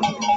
Thank you.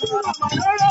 Segura, maior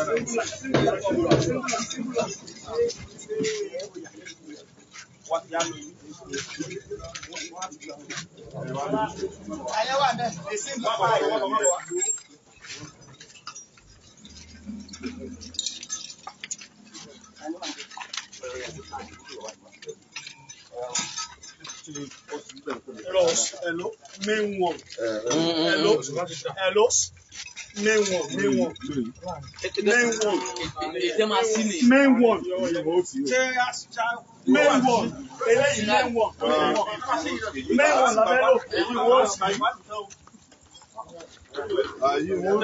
Àyẹ̀wò àbẹ̀ èsì ń bọ̀ fún Hello, hello, eh, eh. Hello, hello main one main one main one main one main one main one main one main one, main one. sì. Àyè wọ́n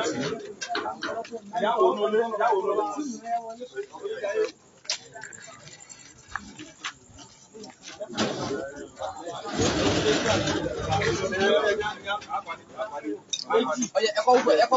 sì. Yàwó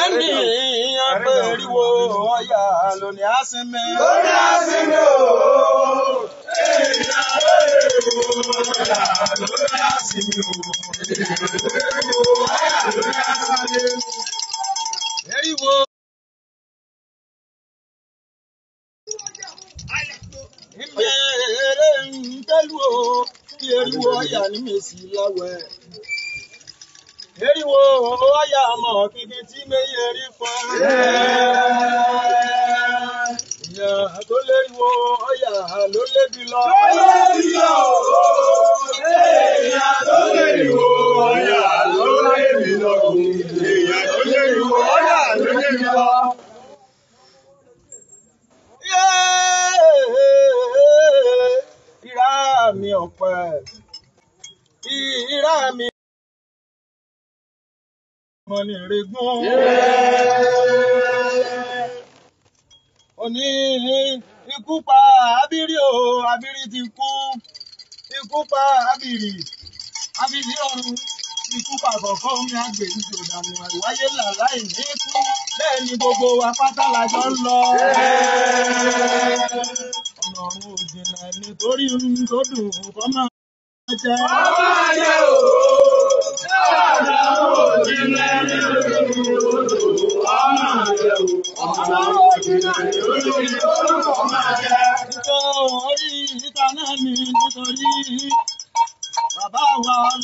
Ẹni ìyàn pèríwo ọ̀yà lónìí àsinmi. Lónìí àsinmi ooo. Ẹni ìyàn pèríwo ọ̀yà lónìí àsinmi ooo. Pèríwo ọ̀yà lónìí àsinmi ooo. Pèríwo. Ìbéèrè ń tẹ́lu o, pèríwo ọ̀yà ní mèsì láwẹ̀. Meriwo oya mọ kìkì tí meye rí fún. Ìyá tó lériwo oya ló lébi lọ. Ló lébi lọ o. Ìyá tó lériwo oya ló lébi lọ. Ìyá tó lériwo oya ló lébi lọ. Ìrá mi ọ̀pẹ. Ìrá mi mọ̀nìrègún. Òní ikú pa abiri o, abiri ti kú. Ikú pa abiri, abiri ọ̀run. Ikú pa àkọ́kọ́ omi àgbè ìjò ìdààmú àìwáyé là láì ní kú. Bẹ́ẹ̀ ni gbogbo wa pátá la jọ ń lọ. Ọ̀nà ọ̀run ò jìnnà nítorí ohun tó dùn kọ́ máa jẹ. Ọmọ ẹ̀jẹ̀ òru, ṣé ọ̀dà òun ò jìnnà? Bàbá wa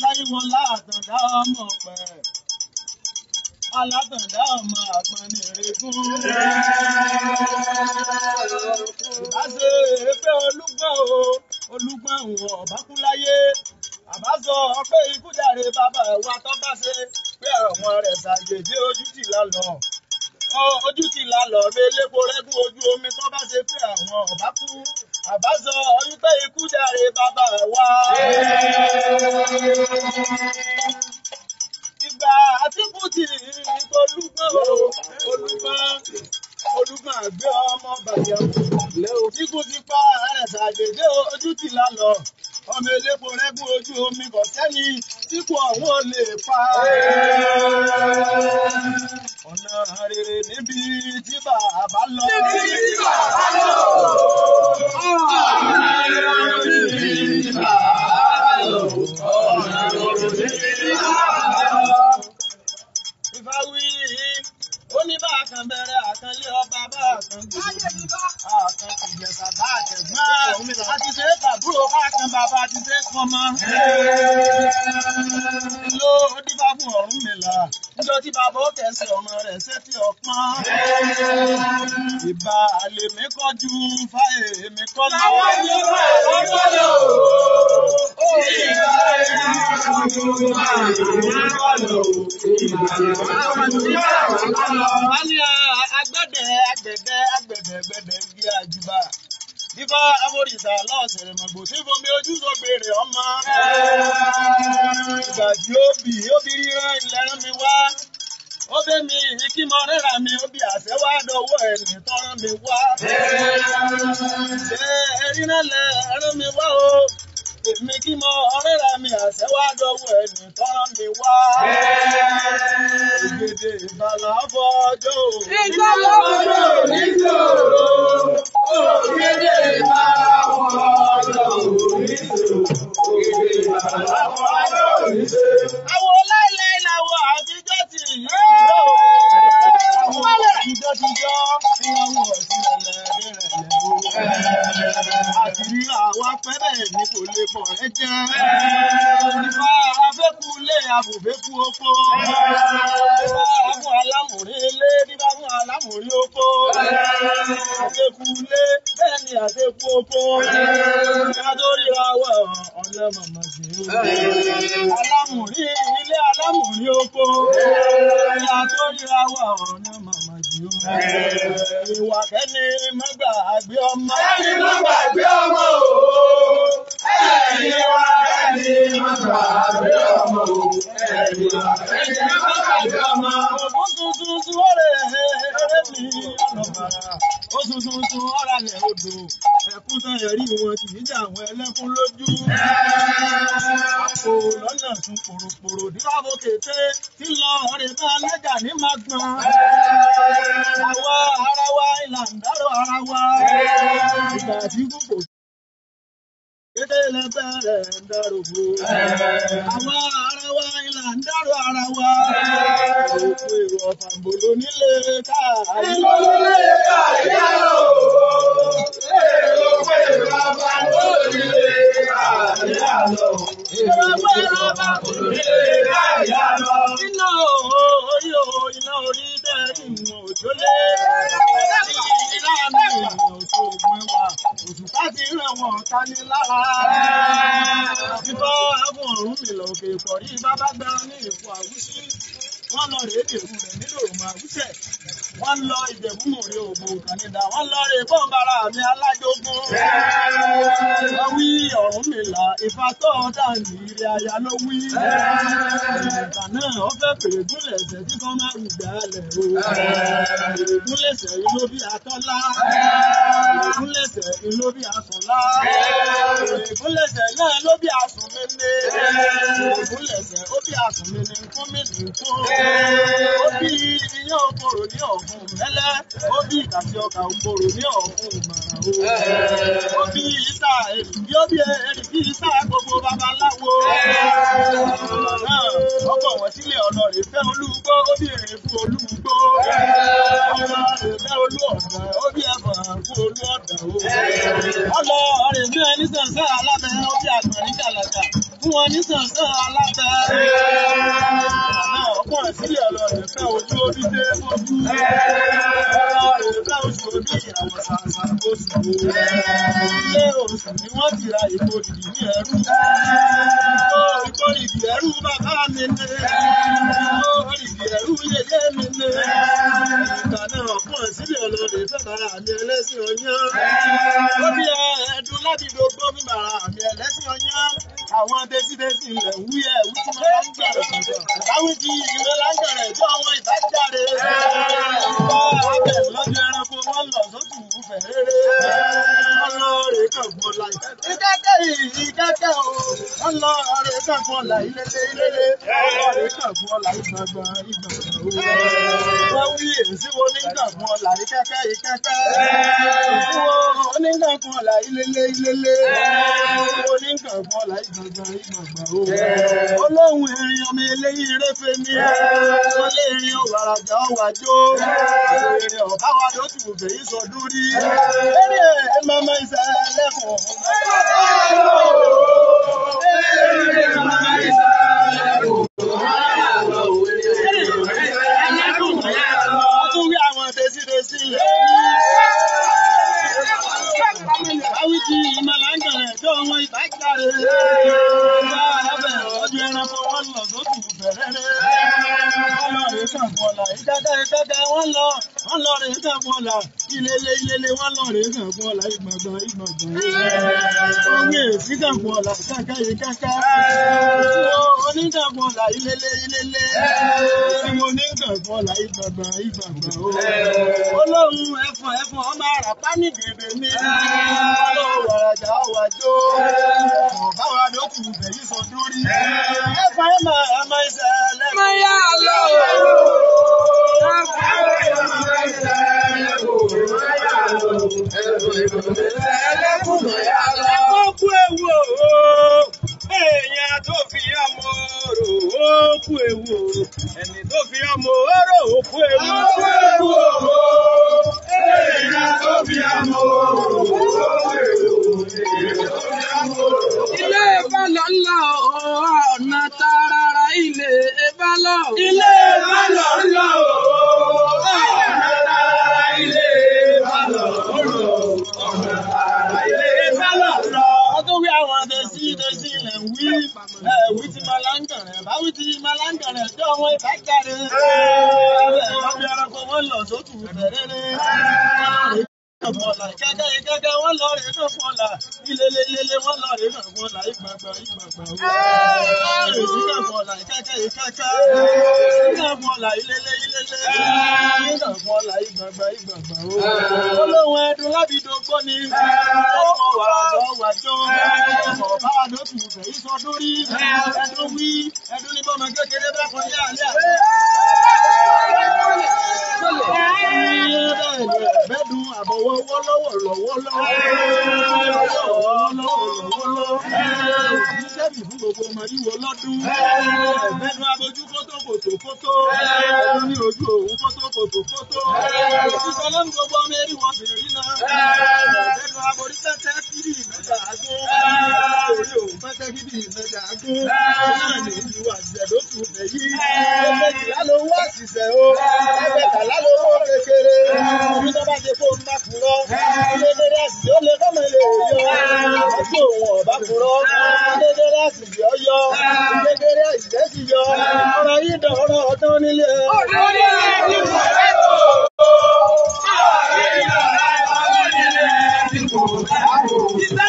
láyíwọ látàndá ọmọ pẹ̀. Alátàndá ọmọ àpọnì rẹ̀gún. Ìbáṣe pé olúgbọ́n o, olúgbọ́n o, ọ̀bákúláyé àbá sọ pé ikú jàre bàbá wa tó bá ṣe pé àwọn rẹ̀ ṣàjèjì ojú ti lálọ ojú ti lálọ mélépo rẹ́gùn ojú omi tó bá ṣe pé àwọn ọ̀bá kú àbá sọ wípé ikú jàre bàbá wa. ìgbà àtìkù ti olùgbọ́n olùgbọ́n olùgbọ́n àgbẹ̀ ọmọ bàjẹ́ òkú ti pa ẹ̀ṣàjèjì ojú ti lálọ ọmọ elépo rẹ́gùn ojú omi kò tí kò àwọn lè pa. ọ̀nà rere níbi tí bàbá lọ. níbi tí bàbá lọ. Ah! ọ̀nà rere níbi tí bàbá lọ. ju fa èmi kọ́ lọ. Àwọn ju fa èmi kọ́ lọ. Ìgbà ìlú ju fa èmi kọ́ lọ. Ìgbà ìlú ju fa èmi kọ́ lọ. Wálé agbẹ́dẹ agbẹ̀dẹ agbẹ̀dẹ gbẹ̀dẹ̀ gbé àjùbà. Ifá amórìsà lọ́ọ̀sẹ̀rẹ̀ mọ̀gbò tí fomi ojú sọ gbèrè ọmọ. Ìgbà tí ó bì ó bí ríran ìlẹ́rìn mi wá ó bẹ́ mi ìyí kí mo rẹ́ra mi obì àṣẹ wá dọwọ́ ẹ̀mí tọ́rọ mi wá. ẹ̀rí náà lẹ̀ ẹ̀rọ mi wá o èmi kí mo rẹ́ra mi àṣẹ wá dọwọ́ ẹ̀mí tọ́rọ mi wá. ìgbèdè ìbàlá fọjọ́. ìgbàlá fọjọ́ nígbòòrò ògbèdè ìbàlá fọjọ́ nígbòòrò. Àwọn láìláì làwọ̀ àtijọ́ ti yí. Ìjọ ti jọ ìyàwó ìrẹ̀lẹ̀ ìrẹ̀lẹ̀ o. Àtìrí àwọn apẹ́rẹ́ mi kò lè bọ̀ ẹ jẹ́. Ìfà afẹ́kù lé àbùfẹ́kù oko. Oṣùṣùṣù ọ̀rẹ́ ọ̀rẹ́ mi ọlọ́bàrà. Oṣùṣùṣù ọ̀rẹ́ rẹ̀ odò. Ẹ̀kún tán ẹ̀rí wọn kì í jà àwọn ẹlẹ́kún lójú. Àpò lọ́nà tún pòròpòrò dírábò kété tí lọ ọ̀rẹ́ bá lájà ní máa gbọ̀n. Àwa ara wa ìlànà dárò ara wa. Ìgbà tí kò Kedele bẹ̀rẹ̀ ń dárò bò. Àwa ara wa ilà ń dárò ara wa. Òkú èrò ọ̀fàǹbò ló nílé káàrí. Ìlú nílé káàrí àrò. Èrò pé bàbá ló nílé káàrí àrò. Èrò pé bàbá ló nílé káàrí àrò. Iná òhò. ìpanilára fífọ́ ààbò ọ̀run mi lọ òkè ìkọ̀rí bábá gba ní ìfọ àwùsí wọ́n lọ rèé dèrú rẹ̀ nílò òun àwùsẹ̀ wọ́n lọ ìjẹ̀bú mòrè ògbò kànídà wọ́n yìí ló bí atọ́lá. Ìgúnlẹ̀sẹ̀ ni ló bí àsùnlá. Ìgúnlẹ̀sẹ̀ náà ló bí àsùn mi ní. Ìgúnlẹ̀sẹ̀ ó bí àsùn mi ní fún mi ní fún. Ó bí iyán okòrò ní ọ̀fun mẹ́lẹ́. Ó bí ìdàsí ọkà okòrò ní ọ̀fun màrà o. Ó bí ìta èrìkí ó bí èrìkí ìta gbogbo babaláwo. Ọkọ̀ wọ̀ sílẹ̀ ọ̀nà rẹ̀ fẹ́ olúgbó. Ó bí èrè fún olúgbó. Ọmọ rẹ̀ fẹ́ olú ọ̀sán. Ó bí ẹ̀fọ̀ ọlọ ọrẹ fún ẹ ní sànsán alábẹ ọbí àgbọn ní jàlàjà fún wọn ní sànsán alábẹ. ọkùn àtìlẹ ọlọ rẹ fẹ ojú orí dé ojú ọlọ rẹ fẹ oṣù ojú ìyàwó sànsán oṣù ilé oṣù ni wọn ti ra ìkórìdì ní ẹrú ìkórìdì ẹrú bàbá mi ní. àwọn desídesí ilẹ̀ wúyẹ̀ wí tí mo máa ń gbẹ̀rẹ̀ láwí ti ìlú lágbẹ̀rẹ̀ tí àwọn ìtajáde lọ abẹ lọ́jọ́ ẹranko wọ́n lọ sótù ìfẹ́ rere wọ́n lọ rè kàngbọ́n la ìkẹ́kẹ́ ìkẹ́kẹ́ o wọ́n lọ rè kàngbọ́n la ìlẹ́lẹ́ ìlẹ́lẹ́ wọ́n lọ rè kàngbọ́n la ìgbàgbà ìgbàgbà wọ́n wí èsì wo nígbà fún ọ̀la ní kẹ́kẹ́ yìí kẹ́kẹ́ èsì wo onígbà fún ọ̀la ilélé ilélé èsì wo onígbà fún ọ̀la ìgbàgbà ìgbàgbà o olóhùn erin ọmọ eléyìí réfe ni wọ́n lé erin ọ̀wàràjà ọ̀wàjó erin ọ̀báwa ló ti wù fèyí sọdún rí eré ẹ̀ mọ́mọ́ ìṣẹ́ ẹlẹ́kùn. Thank you. Awiti ìmọ̀láńgàn ẹ̀jọ́ wọn ìbájáre. Ìyá ẹ̀bẹ̀ ọjọ́ ẹranko wọn lọ sókè bẹ̀rẹ̀ rẹ̀. Ọlọ́run kàn bọ̀là ìdájọ́ ìdájọ́ wọn lọ wọ́n lọ rèé kàn fún ọ̀la ilele ilele wọ́n lọ rèé kàn fún ọ̀la ìgbọ̀ngàn ìgbọ̀ngàn ohun èsì kàn fún ọ̀la kàkà yìí kàkà oníkàn fún ọ̀la ilele ilele ìwọ oníkàn fún ọ̀la ìgbọ̀ngàn ìgbọ̀ngàn olóhùn ẹ̀fọn ẹ̀fọn ọmọ àràpá nìdèbè mi olówó àjà àwàjọ ọ̀bá wa ló kù bẹ̀yì sọdúrí ẹ̀fọn ẹ̀ máa ẹ̀ máa ń ṣẹlẹ̀. mo yà á lọ. Christ. ọmọ ìbájáde. Ọmọ ẹranko wọ́n lọ sótù bẹ̀rẹ̀ ni ọ̀pọ̀là gẹ́gẹ́ gẹ́gẹ́ wọ́n lọ rẹ̀ náà pọ̀là ilelelele wọ́n lọ rẹ̀ náà pọ̀là ìgbàgbà ìgbàgbà òwò ìdílé pọ̀là gẹ́gẹ́ gẹ́gẹ́ ìdílé pọ̀là ilelelele náà pọ̀là ìgbàgbà ìgbàgbà òwò olóhùn ẹdun lábìdógbó ni ọmọ wàrà tó wà jọ ọmọ bá lókù fẹ̀yì sọ lórí ẹdun wí ẹdun ní bọ́mọ kékeré bá kọjá àlẹ́ àlẹ́ bẹ́ẹ̀ ni lọ́wọ́ lọ́wọ́ lọ́wọ́ lọ́wọ́ sẹ́ẹ̀bì fún gbogbo ọmọ yíwo lọ́dún ẹ̀ẹ́dẹ́nu abojú kótó kòtò kótó ẹ̀ẹ́dẹ́nu ní ojú òun kótó kòtò kótó ìsọlọ́nu gbogbo ọmọ erí wọn sì rí náà. Está